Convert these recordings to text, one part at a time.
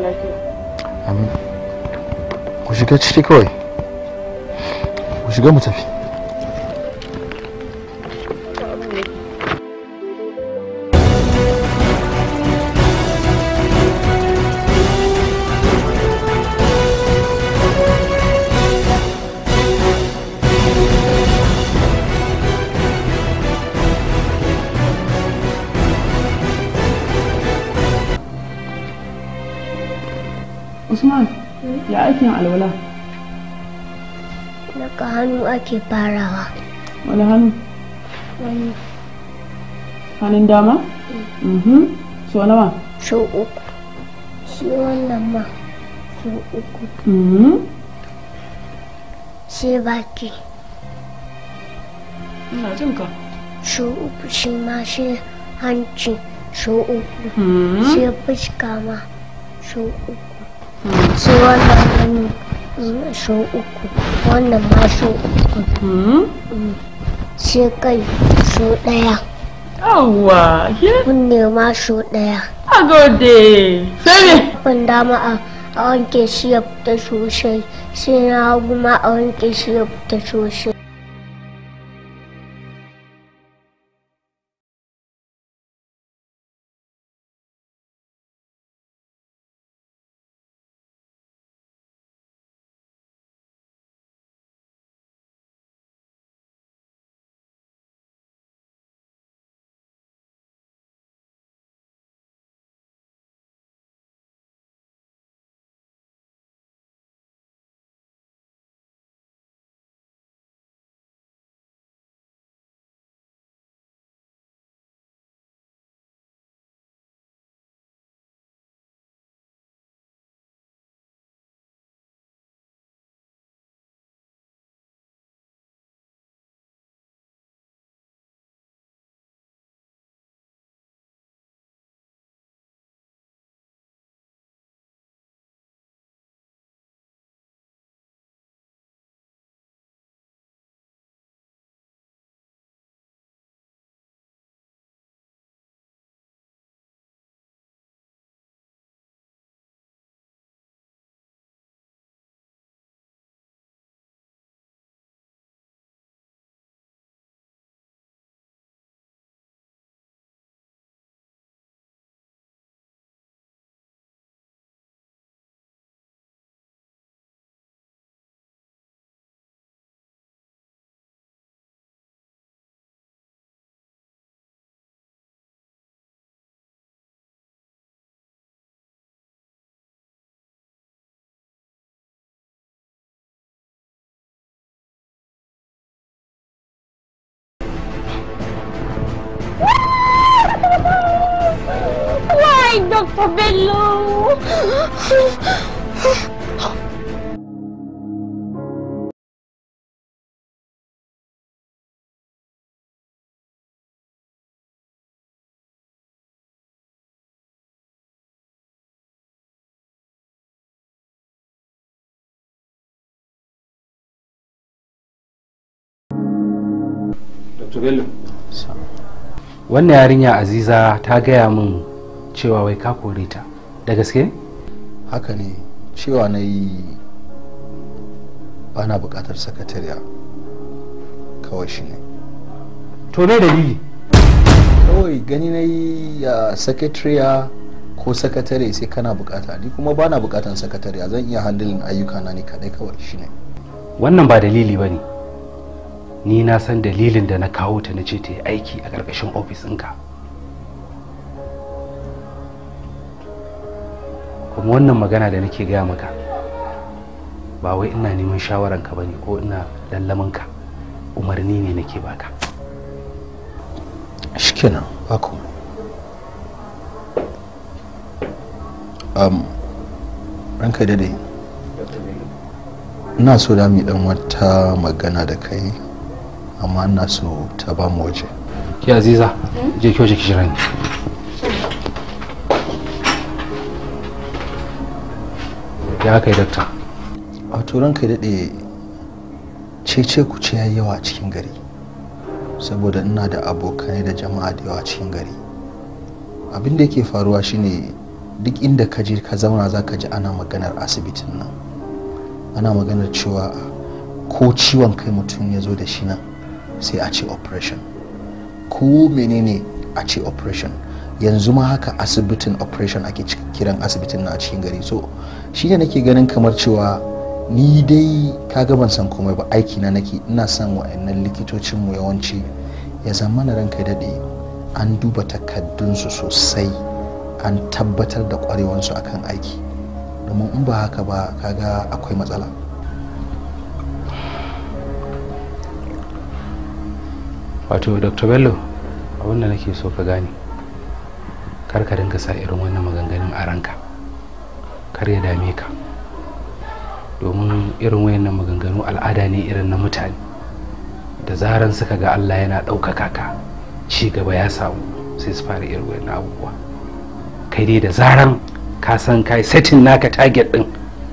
lafiya amin ku shiga ciki kawai ku shiga mu tafi alwala daga hannu ake farawa wani hannu hannun dama mm. mm-hmm. so nawa so uku shi wannan ma so uku mm-hmm. sai baki ina jin ka so uku shi ma sai hanci so uku mm-hmm. sai fuska ma so uku sai wannan shau uku wannan ma shau uku hmm? Hmm. sai kai shau ɗaya Awa, ya? Kunne ma shau ɗaya. A gode, sai ne? Ban dama a wanke shi ya fita sosai, sai na hagu ma a wanke shi ya fita sosai. Balik, Dr. Bello! Dr. Bello. Wannan yarinya Aziza ta gaya min cewa wai ka kore ta da gaske haka ne cewa na yi bana bukatar sakatariya kawai shi ne to ne dalili kawai gani na yi ya sakatariya ko sakatare sai kana bukata ni kuma bana bukatar sakatariya zan iya handilin ayyuka na ne kadai kawai shi ne wannan ba dalili ba ne ni na san dalilin da na kawo ta na ce ta yi aiki a ƙarƙashin ofis ɗinka kuma wannan magana da nake gaya maka ba wai ina neman shawaranka ba ne ko ina lallamanka umarni ne nake baka shikenan ba um, ranka dade ina so da mu dan wata magana da kai amma ina so ta ba mu waje ki aziza je ki waje ki shirani ya kai dakta a turan kai daɗe cece ku ce yawa a cikin gari saboda ina da abokai da jama'a da yawa a cikin gari abin da yake faruwa shine duk inda ka je ka zauna za ka ji ana maganar asibitin nan ana maganar cewa ko ciwon kai mutum ya zo da shi nan sai a ce operation ko menene a ce operation yanzu ma haka asibitin operation ake ciki kiran asibitin na a cikin gari so shi ne nake ganin kamar cewa ni dai kaga ban san komai ba aiki na nake ina son wa'annan likitocin mu yawanci ya zama na ranka daɗe an duba takaddunsu sosai an tabbatar da su akan aiki domin in ba haka ba kaga akwai matsala wato dr bello abinda nake so ka gane kar ka dinga sa irin wannan maganganun a ranka kar ya dame ka domin irin wayannan maganganu al'ada ne irin na mutane da zaran suka ga Allah yana ɗaukaka ka ci gaba ya samu sai su fara irin wayannan abubuwa kai dai da zaran ka san kai setting naka target din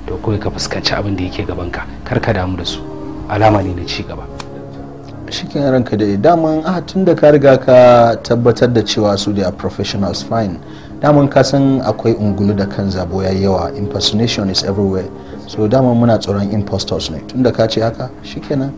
to kawai ka fuskanci abin da yake ka kar ka damu da su alama ne na ci gaba shikin ranka da daman a ah, tun da ka riga ka tabbatar da cewa su da professionals fine daman ka san akwai ungulu da kan zabo ya yawa impersonation is everywhere so daman muna tsoron impostors ne tun da ka ce haka shikenan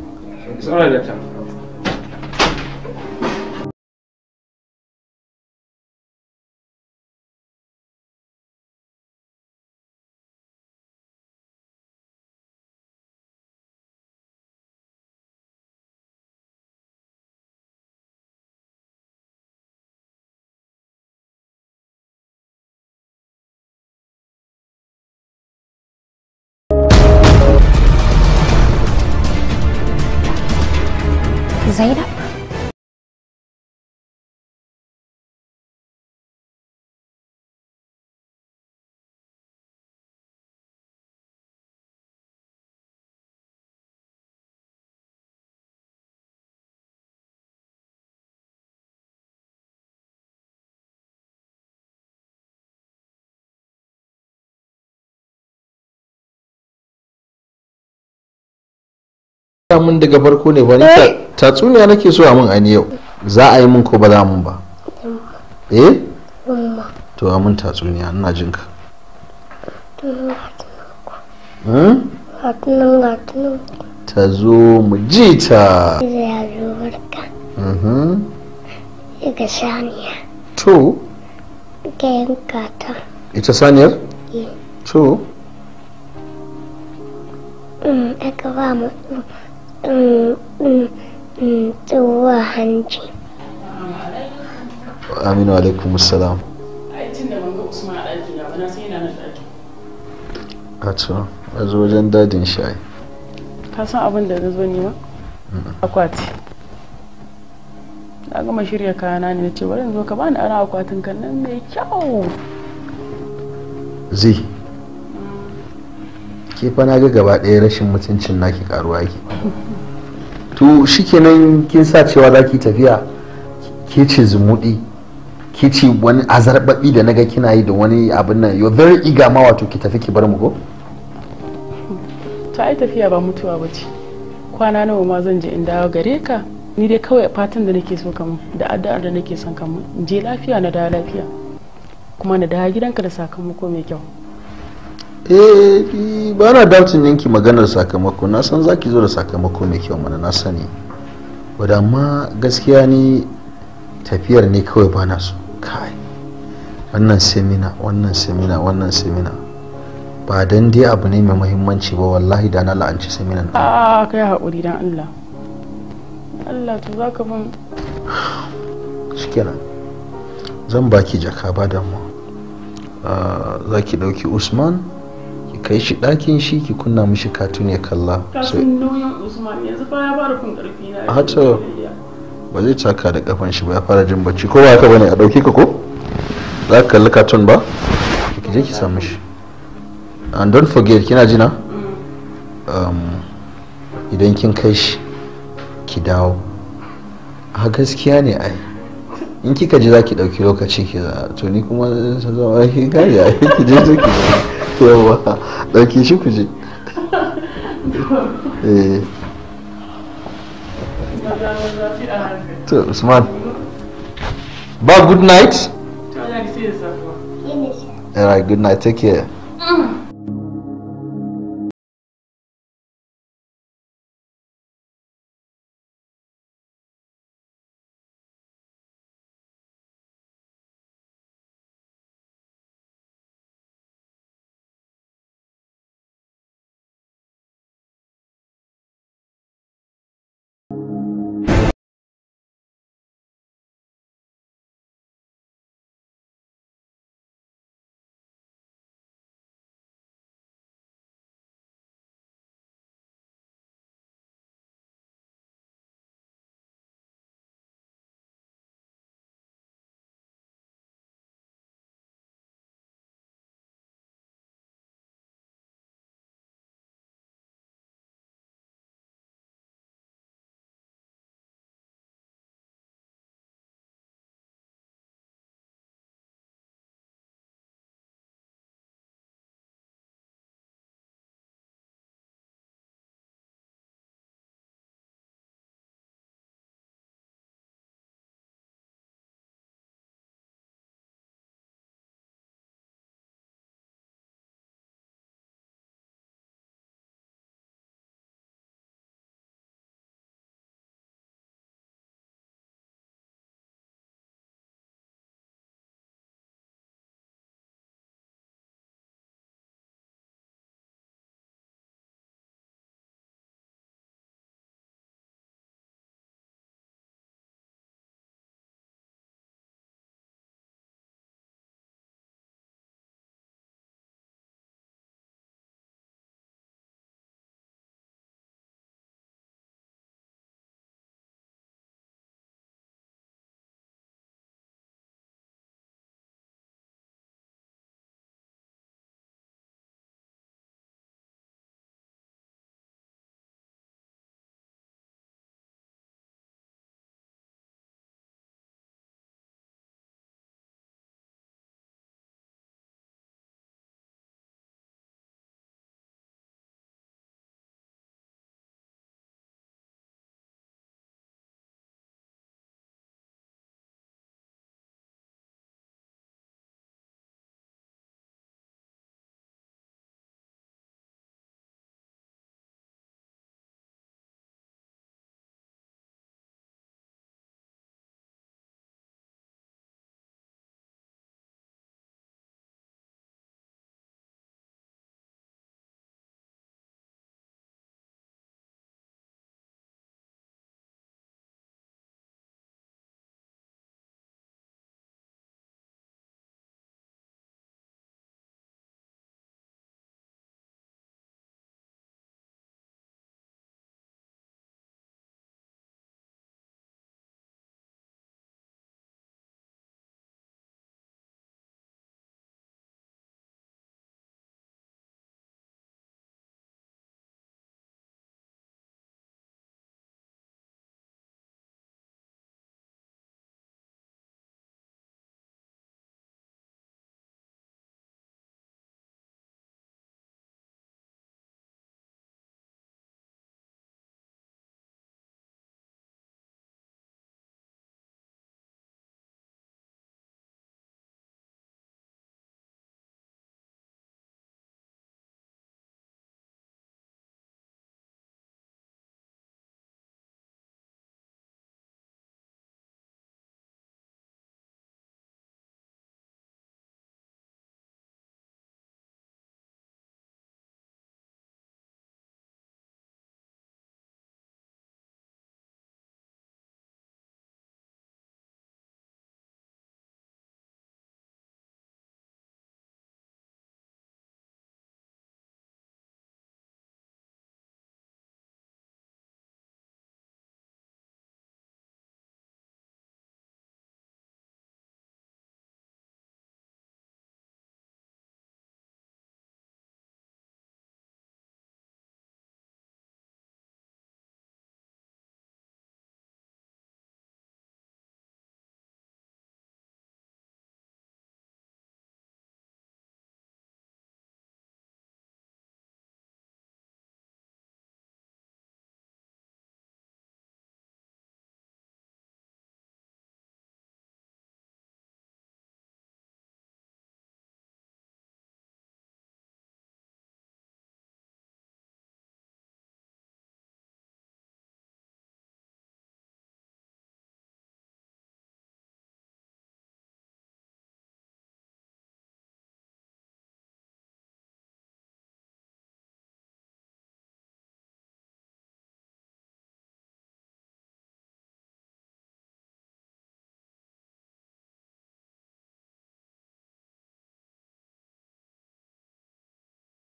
mun daga farko ne bari eh. tatsuniya nake so a mun an yau za a yi mun ko ba za mun ba eh to a mun tatsuniya ina jin ka hmm? ta zo mu ji ta mm-hmm. ga saniya to ga yanka ta ita saniyar eh. to mm, ba mu tsuwa hanci aminu alaikum salam a a zo wajen dadin shayi ka san abin da na zo nema mm. akwati na gama shirya kayana ne na ce bari zo ka bani ana akwatin kan nan mai kyau zai ke fa na ga gaba ɗaya rashin mutuncin naki karuwa yake to shikenan kin sa cewa za ki tafiya ke ce zumudi ke ce wani azarbabi da naga kina yi da wani abin nan yau zai iga ma wato ki tafi ki bar mu ko to ai tafiya ba mutuwa ba ce kwana nawa ma zan je in dawo gare ka ni dai kawai fatan da nake so kamu da addu'ar da nake son kamu je lafiya na dawo lafiya kuma na dawo gidanka da sakamako mai kyau eh ba na dautin yanki maganar sakamako na san za ki zo da sakamako mai kyau mana na sani wadda amma gaskiya ni tafiyar ne kawai ba na so kai wannan semina wannan semina wannan semina ba don dai abu ne mai muhimmanci ba wallahi da na la'anci semina na ah, a kai haƙuri don Allah Allah to za ka man shikenan zan baki jaka ba damuwa ah, za ki ɗauki usman kai shi ɗakin shi ki kunna mishi katun ya kalla sai A usman ba zai taka da kafan shi ba ya fara jin bacci ko ba haka bane a dauki ka ko za ka kalli katun ba ki je ki samu shi and don't forget kina jina mm. um, idan kin kai shi ki dawo a gaskiya ne ai in kika ji za ki ɗauki lokaci ki to ni kuma zan a ki gaji a ki je ki yawa ɗauki shi ku je eh. to usman ba good night all right good night take care mm.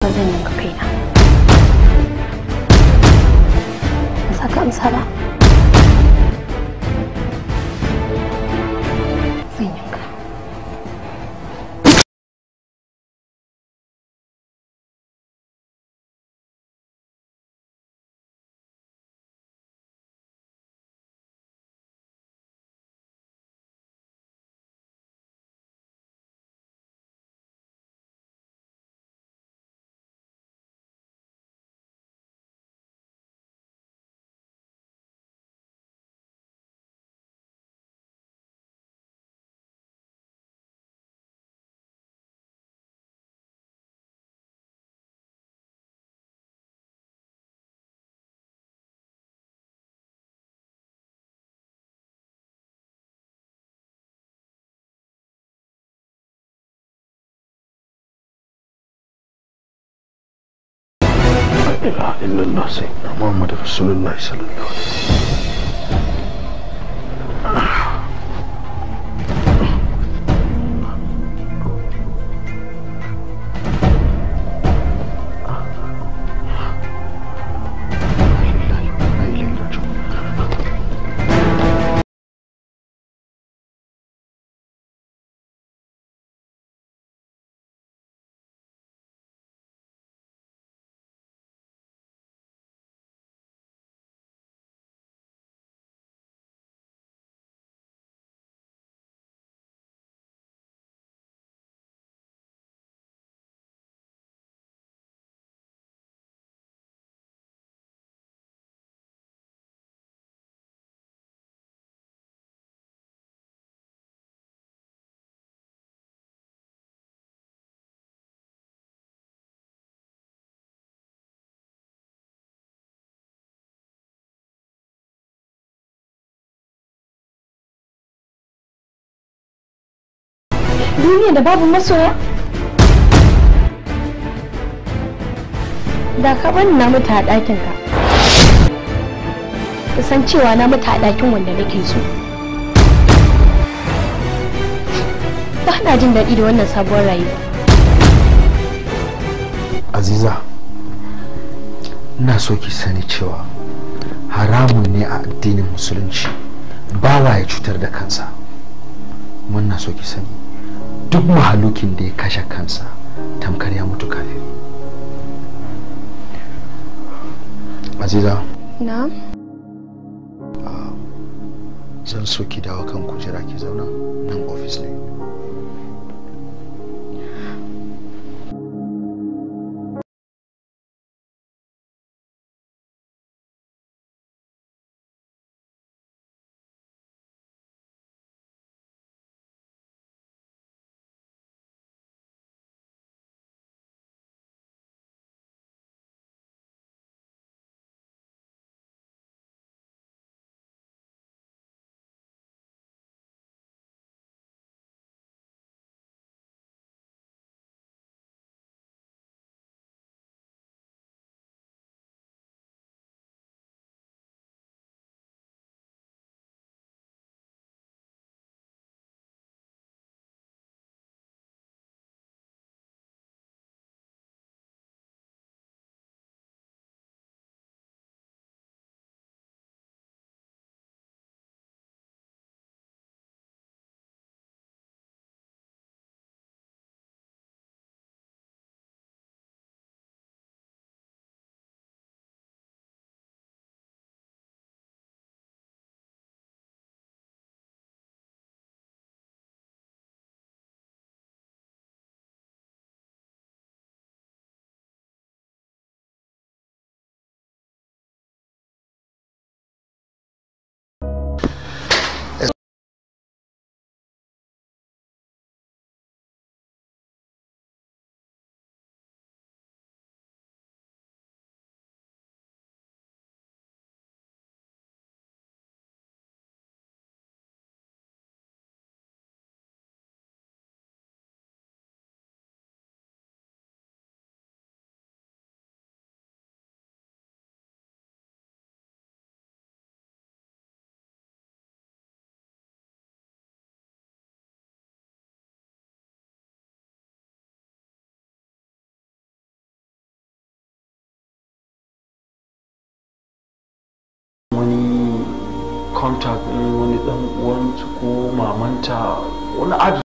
ba zan yanka kaina. Ba za ka amsa ba. لا إله إلا الله سيدنا محمد رسول الله صلى الله عليه وسلم duniya da babu masoya da ka bani na mutu a ɗakin ka kusan cewa na mutu a ɗakin wanda nake so ba na jin daɗi da wannan sabuwar rayuwa aziza ina so ki sani cewa haramun ne a addinin musulunci bawa ya cutar da kansa muna so ki sani duk mahalukin da ya kashe kansa tamkar ya mutu kafiri aziza na ah, zan so ki dawo kan kujera ki zauna nan ofis ne contact ɗin wani ɗan uwanta ko mamanta wani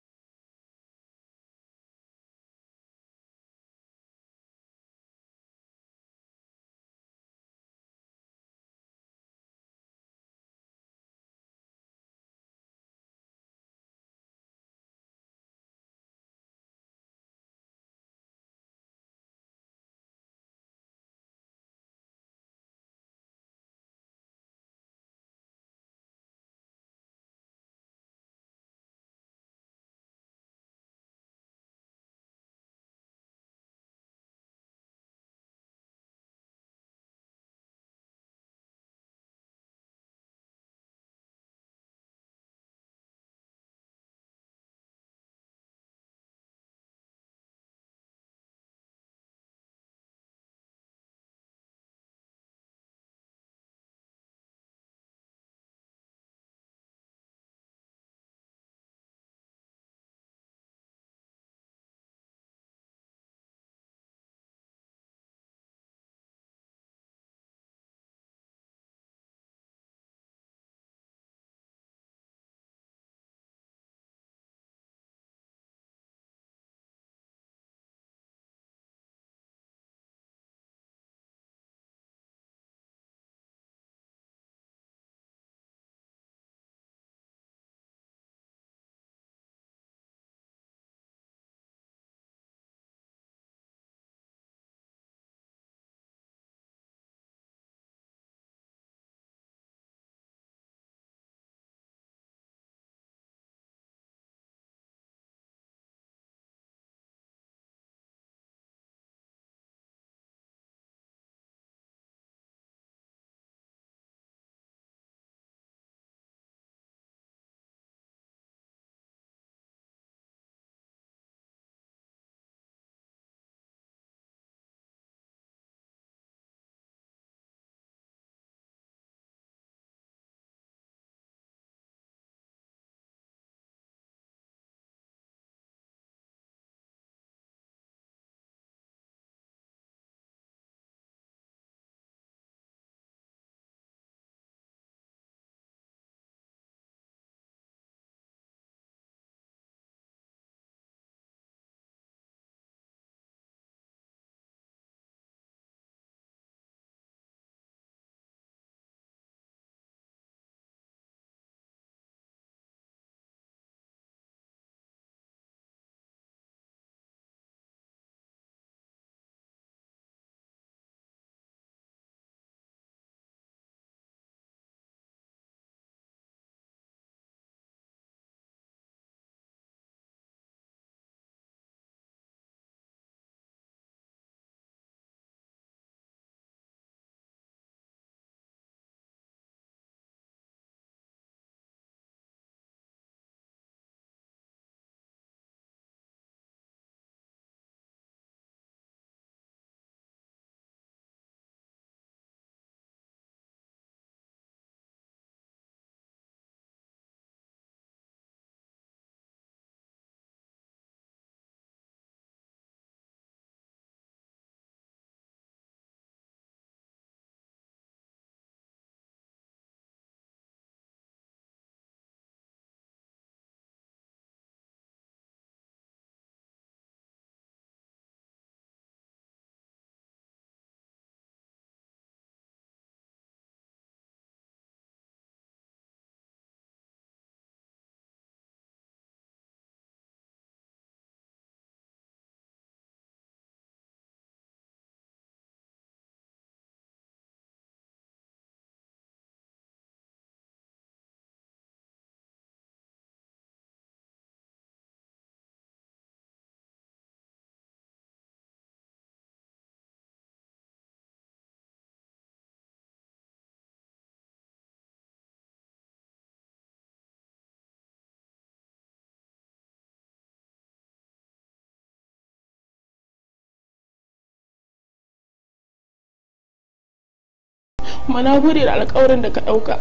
kuma na gode da alkawarin da ka ɗauka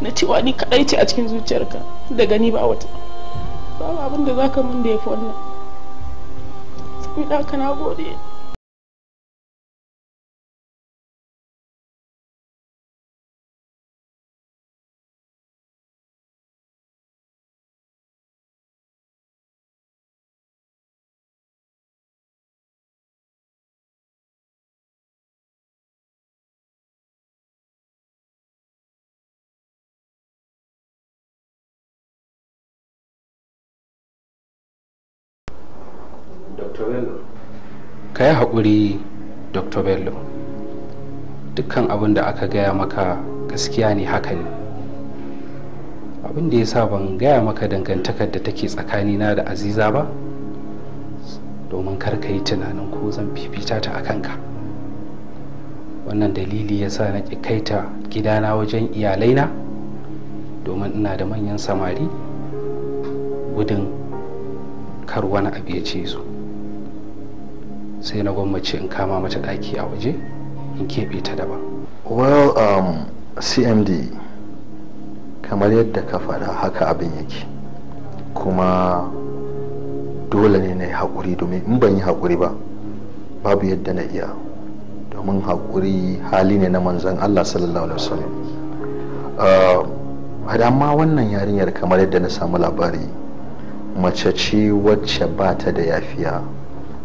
na cewa ni kaɗai ce a cikin zuciyarka da gani ba wata babu abin da za ka mun ya fi wannan saboda na gode ka yi haƙuri dr bello dukkan abin da aka gaya maka gaskiya ne haka ne abin da ya sa ban gaya maka dangantakar da take na da aziza ba domin kar ka yi tunanin ko zan fifita ta a kanka wannan dalili ya sa na ƙi ta gidana wajen iyalaina domin ina da manyan samari gudun kar wani abu ya ce su sai na gwammace in kama mata ɗaki a waje in keɓe ta daban well um, cmd kamar yadda ka faɗa haka abin yake kuma dole ne na yi haƙuri domin in ban yi haƙuri ba babu yadda na iya domin haƙuri hali ne na manzan allah sallallahu alaihi wasallam uh, a ma wannan yarinyar kamar yadda na samu labari mace ce wacce ba ta da yafiya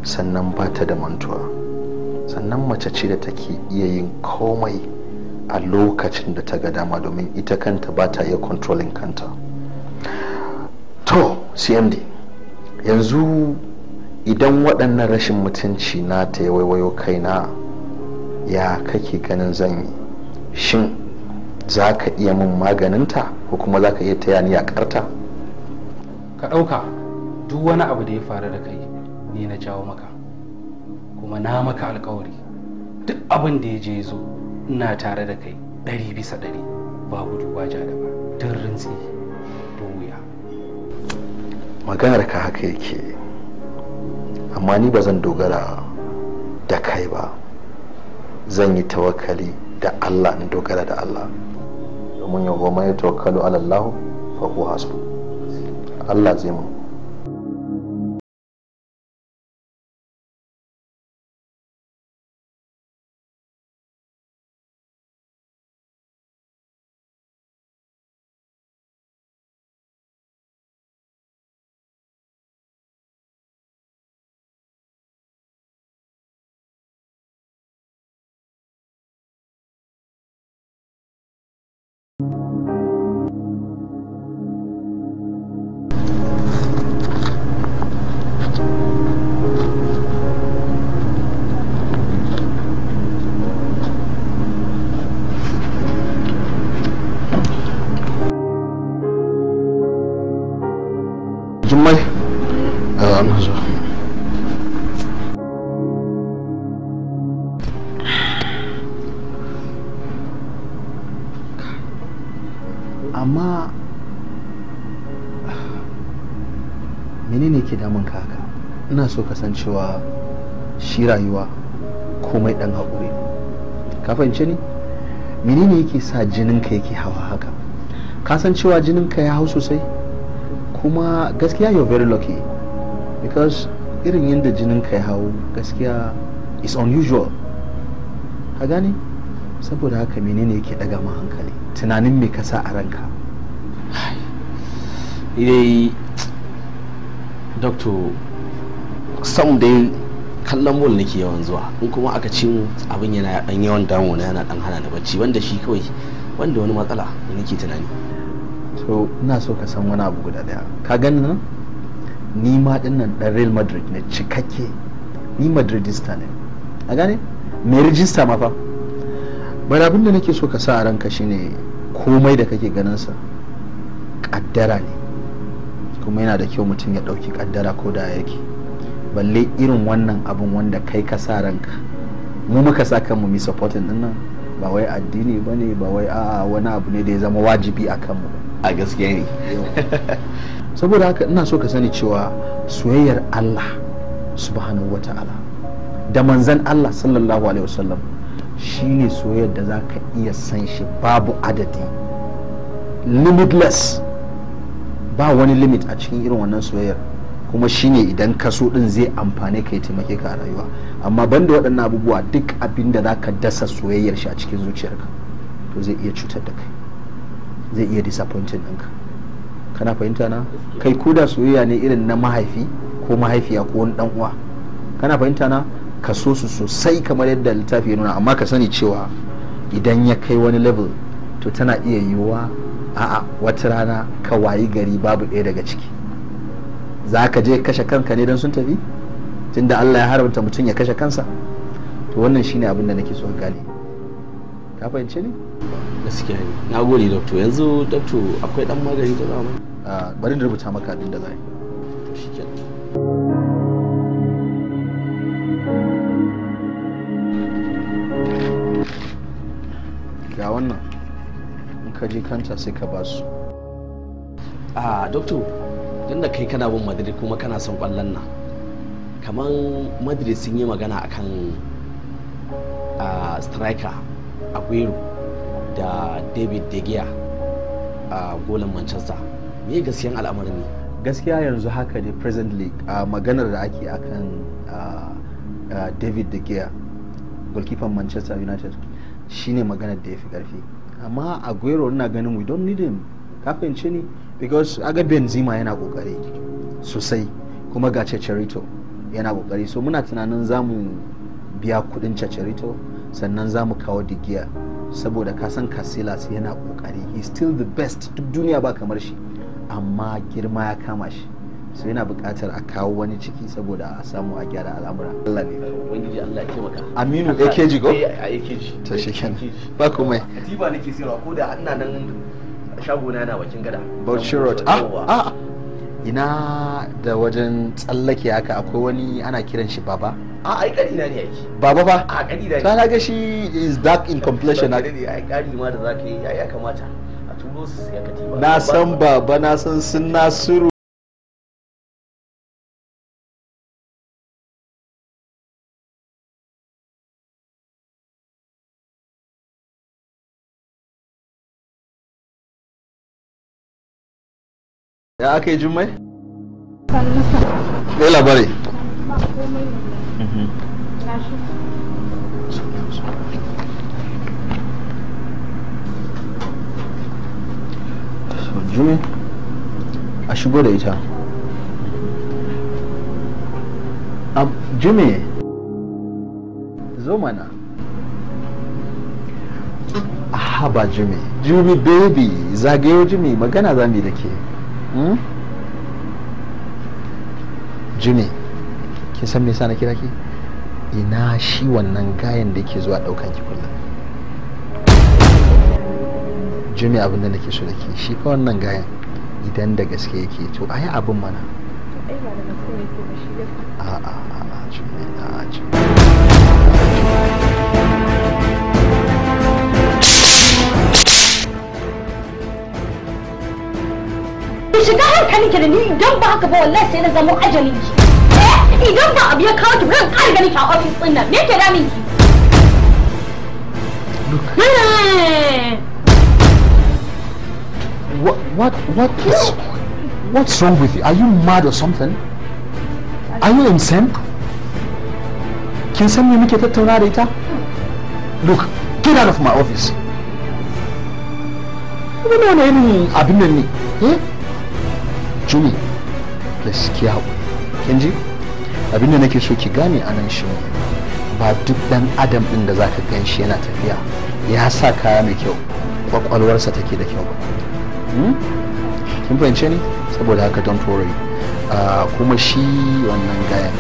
sannan ba ta da mantuwa sannan mace ce da take iya yin komai a lokacin da ta ga dama domin ita kanta ba ta iya controlling kanta to cmd yanzu idan waɗannan rashin mutunci na ta ya waiwayo kaina ya kake ganin zan yi shin za ka iya min maganinta ko kuma za ka iya taya ni a karta ka ɗauka duk wani abu da ya faru da kai ni na jawo maka kuma na maka alkawari duk abin da ya je zo ina tare da kai ɗari bisa ɗari gudu ba ja da ba don rintsi wuya maganar ka haka yake amma ni ba zan dogara da kai ba zan yi tawakali da allah in dogara da allah domin yau goma ya alallahu fa huwa hasbu allah zai mu Thank you. kasancewa shi rayuwa komai ɗan haƙuri ka fahimce ni menene yake sa jinin ka yake hawa haka Ka san cewa jininka ya hau sosai kuma gaskiya you're very lucky because irin yadda jininka ya hau gaskiya is unusual ka gane saboda haka menene yake daga ma hankali tunanin me ka sa a ranka idai doctor da dai kallon bol nake yawan zuwa in kuma aka ci mu abin yana dan yawan damu na yana dan hana da bacci wanda shi kawai wanda wani matsala nake tunani to ina so ka san wani abu guda daya ka gani nan ni ma dinnan dan Real Madrid ne cikakke ni Madridista ne a gane mai rijista ma fa bari abin da nake so ka sa a ranka shine komai da kake ganin sa kaddara ne kuma yana da kyau mutum ya dauki kaddara ko da yake balle irin wannan abin wanda kai ka sa ranka mu muka sa kanmu mi supporting din nan ba wai addini ba ne ba wai a'a wani abu ne da ya zama wajibi a kanmu a gaskiya ne saboda haka ina so ka sani cewa soyayyar Allah subhanahu wa ta'ala da manzan Allah sallallahu alaihi wasallam shine soyayyar da za ka iya san shi babu adadi limitless ba wani limit a cikin irin wannan soyayyar kuma shine idan kaso so din zai amfane ka ya taimake ka a rayuwa amma banda waɗannan abubuwa duk abin da zaka dasa soyayyar shi a cikin zuciyarka to zai iya cutar da kai zai iya disappointing ɗinka kana fahimta na kai ko da soyayya ne irin na mahaifi ko mahaifiya ko wani dan uwa kana fahimta na ka so su sosai kamar yadda littafi ya nuna amma ka sani cewa idan ya kai wani level to tana iya yiwuwa a'a wata rana ka wayi gari babu ɗaya daga ciki za ka je kashe kanka ne don sun tafi tunda Allah ya haramta mutum ya kashe kansa to wannan shine abin da nake so gane ka fahimce ne? gaskiya ne na gode doctor yanzu doctor akwai dan magani da za mu bari na rubuta maka abin da za yi ga wannan in ka je kanta sai ka ba su a ah, doctor don da kai kana bin madrid kuma kana son kwallon nan kamar madrid sun yi magana akan a striker aguero da david de gea a golan manchester me gaskiyan al'amarin ne gaskiya yanzu haka ne presently a maganar da ake akan david de gea goalkeeper manchester united shine maganar da ya fi karfi amma aguero ina ganin we don't need him kafin ci ne because aga benzema yana kokari sosai kuma ga cecerito yana kokari so muna tunanin za mu biya kudin cecerito sannan za mu kawo digiya saboda kasan casillas yana kokari he still the best duk duniya ba kamar shi amma girma ya kama shi so yana buƙatar a kawo wani ciki saboda a samu a gyara al'amura Allah ne ubangiji Allah ya taimaka Aminu AKG go a AKG to shi ba komai atiba nake sirwa ko da ina nan shagona yana bakin gada bauchi road ah, ah, ah ina da wajen tsallake haka akwai wani ana kiran shi baba a ah, ai kadi na ne yake baba ba a kadi na ne ta ga shi is dark in completion. na ai kadi ma da zaka yi ya kamata a turo su sai ka tiba na san baba na san sun nasiru ya aka yi jummai? ya labari jumi a shigo da ita jumi zo mana haba jumi jumi baby zagayo jumi magana zami da ke Hmm? jimi kin san me yasa na kira ki ina shi wannan gayan da ke zuwa daukan ki kullum jimi abin da nake so da ke shi fa wannan gayan idan da gaske yake to ayi abin mana a'a a'a jimi a'a jimi shiga hankalin ki da ni idan ba haka ba wallahi sai na zamo ajalin ki. Eh, idan ba abu ya kawo ki ran ƙara gani ki a ofis ɗin nan me ke damin ki? Eh. What what what is what's wrong with you? Are you mad or something? Are you insane? Kin san me muke tattauna da ita? Look, get out of my office. Wannan wani irin abin nan ne? Eh? jumi da ki haƙuri kin ji abin da nake so ki gane a nan shi ba duk dan adam ɗin da zaka gan shi yana tafiya ya sa kaya mai kyau kwakwalwarsa take da kyau hmm? kin fahimce ni saboda haka don worry ah, kuma shi wannan gaya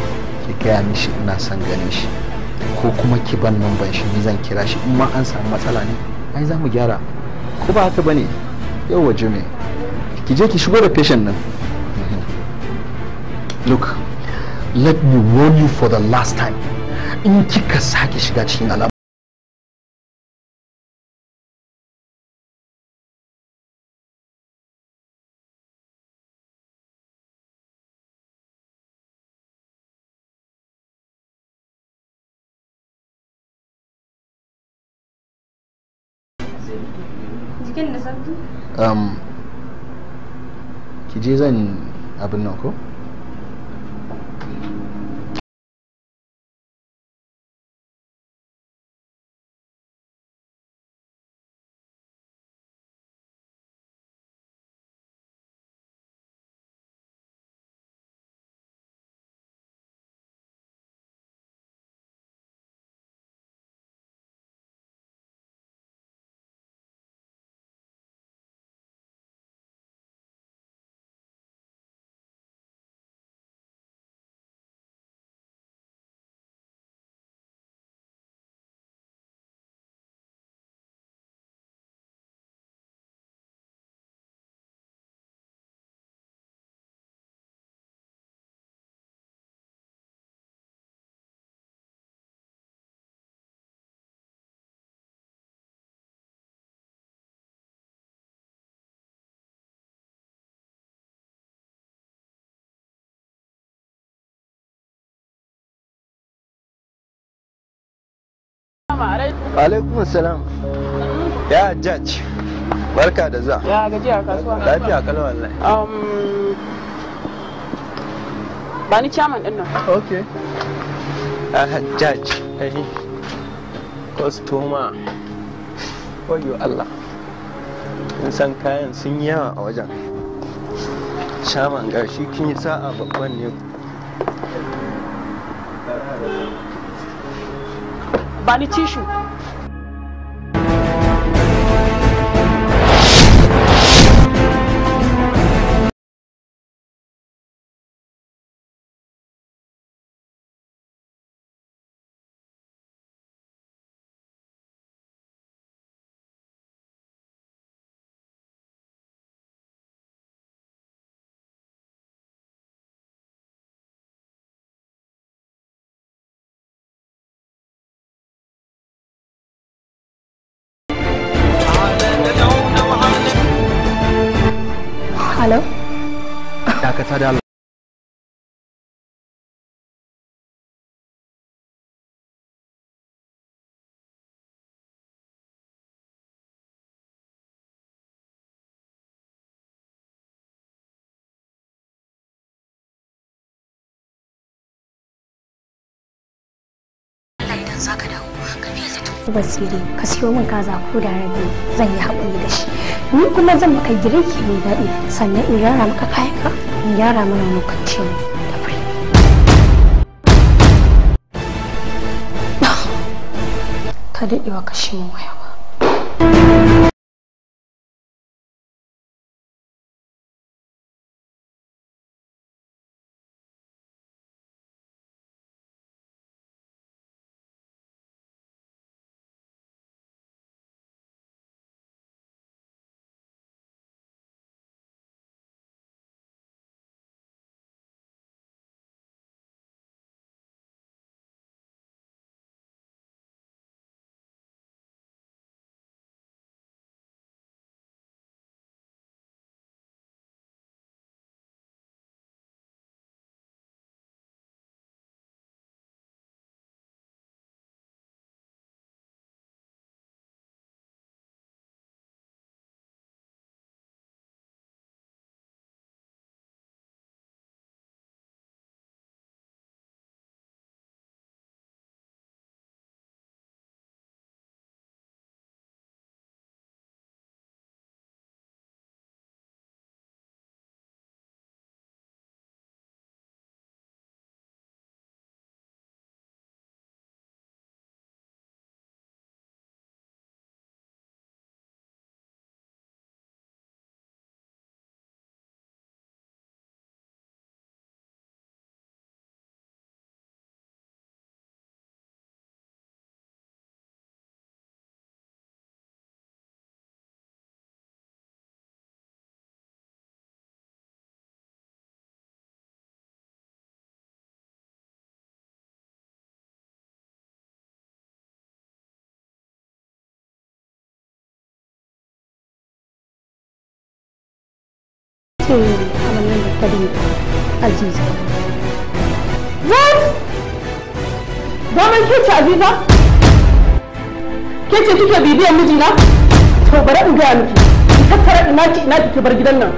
ki gaya mishi ina son ganin shi ko kuma ki ban nan ban shi ni zan kira shi in ma an samu matsala ne ai za mu gyara ko ba haka bane yau waje me ki je ki shigo da feshin nan look let me warn you for the last time in kika sake shiga cikin al'amari Um, ki je zan abin nan ko? Assalamu alaikum. alaikum assalam. Ya judge. Barka da zuwa. Ya gaji a kasuwa. Lafiya kalau wallahi. Um ba ni chairman din nan. Okay. Ah judge. Eh. Kostoma. Wayo Allah. In san kayan sun yawa a wajen. Shaman gashi kin yi sa'a babban ne ba Tissue. dakata da idan basiri ka siyo min kaza ko da rabi zan yi haƙuri da shi ni kuma zan maka girki mai daɗi sannan in rara maka kayan ka in gyara mana wani kwanciyar da bai ka daɗewa ka shi waya nake a kece aziza kece kike bibiyar mijina to bari in gaya miki ki tattara ina bar gidan nan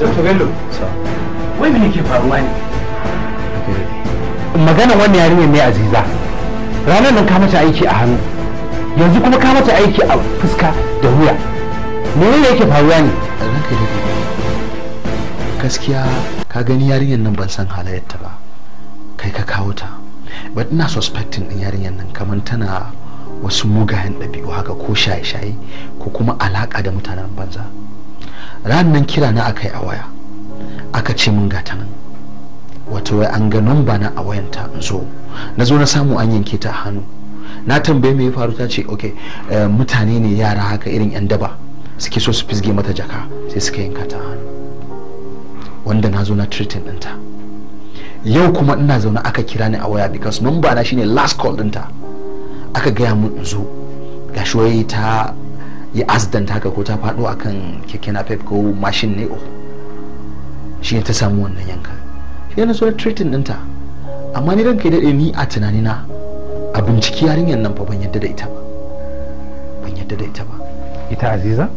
bello wai faruwa ne magana wannan yarinyar ne aziza ranar nan ka mata aiki a hannu yanzu kuma ka mata aiki a fuska da wuya mene ne yake faruwa ne gaskiya ka gani yarinyar nan ban san halayyarta ba kai ka kawo ta but ina suspecting din yarinyar nan kamar tana wasu mugayen ɗabi'u haka ko shaye-shaye ko kuma alaƙa da mutanen banza ran nan kira na aka yi a waya aka ce min gata nan wato wai an ga namba na a wayanta in zo na zo na samu an yanke ta hannu na tambaye mai faru ta ce ok eh, mutane ne yara haka irin yan daba suke so su fisge mata jaka sai suka yanka ta hannu wanda na zo na treatin ɗinta yau kuma ina zaune aka kira ni a waya because number na shine last call ɗinta aka gaya mun in zo gashi wai ta ya asidanta haka ko ta faɗo akan keke napep ko mashin ne o oh, shi ta samu wannan yanka shi na so treating ɗinta amma ni ranka daɗe ni a tunanina a binciki yarinyar nan fa ban yadda da ita ba ban yadda da ita ba ita aziza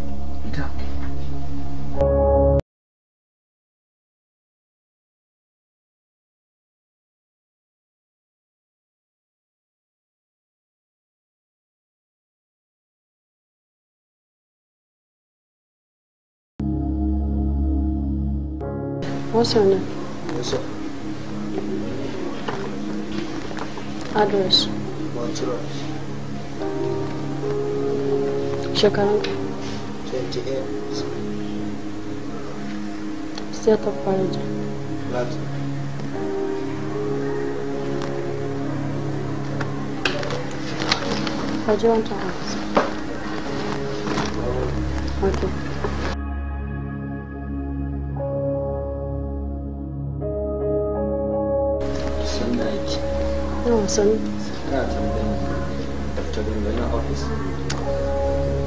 funciona? Essa. Há dois. Shekaran? 28. State of onde? Latin. hamsin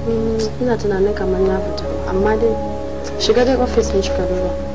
mm, ina tunanin kamar na fita amma dai shiga dai ofis ne shiga ruwa.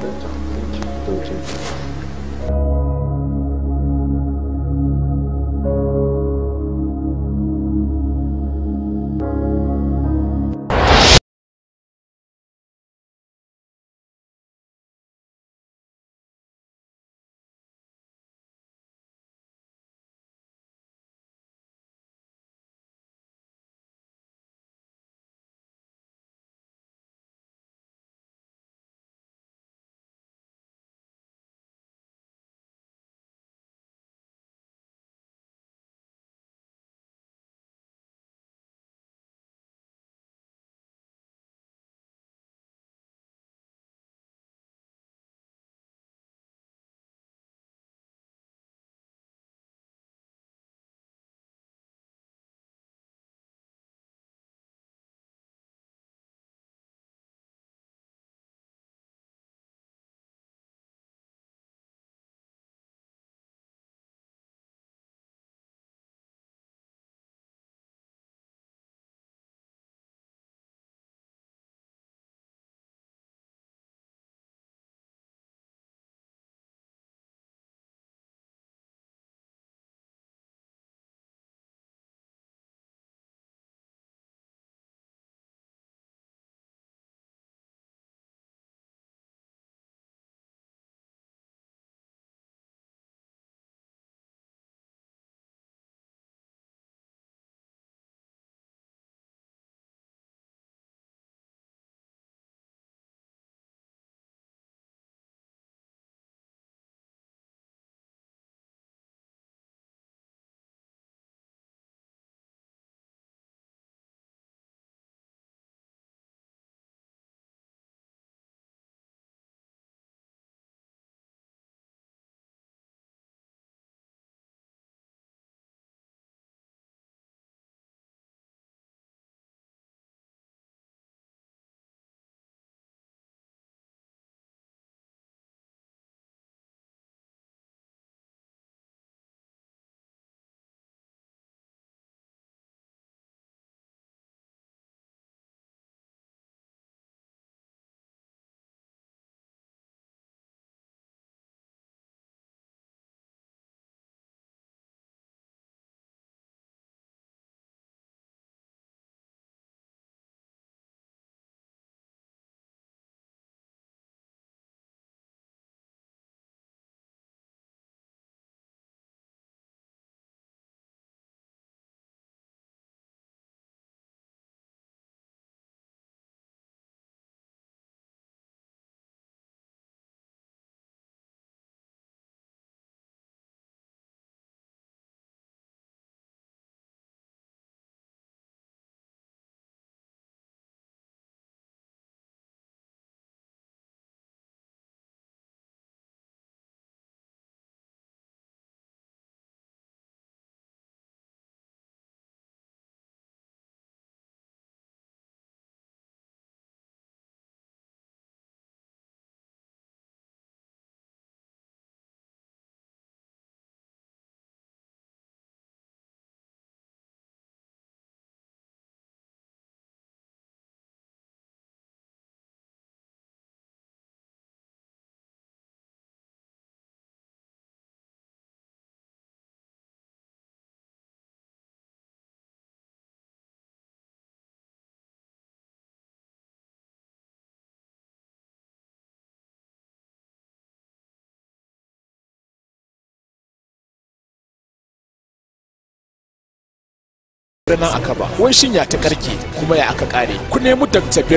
birnin akaba wai shinya ta karke kuma ya aka kare ku nemi dr bello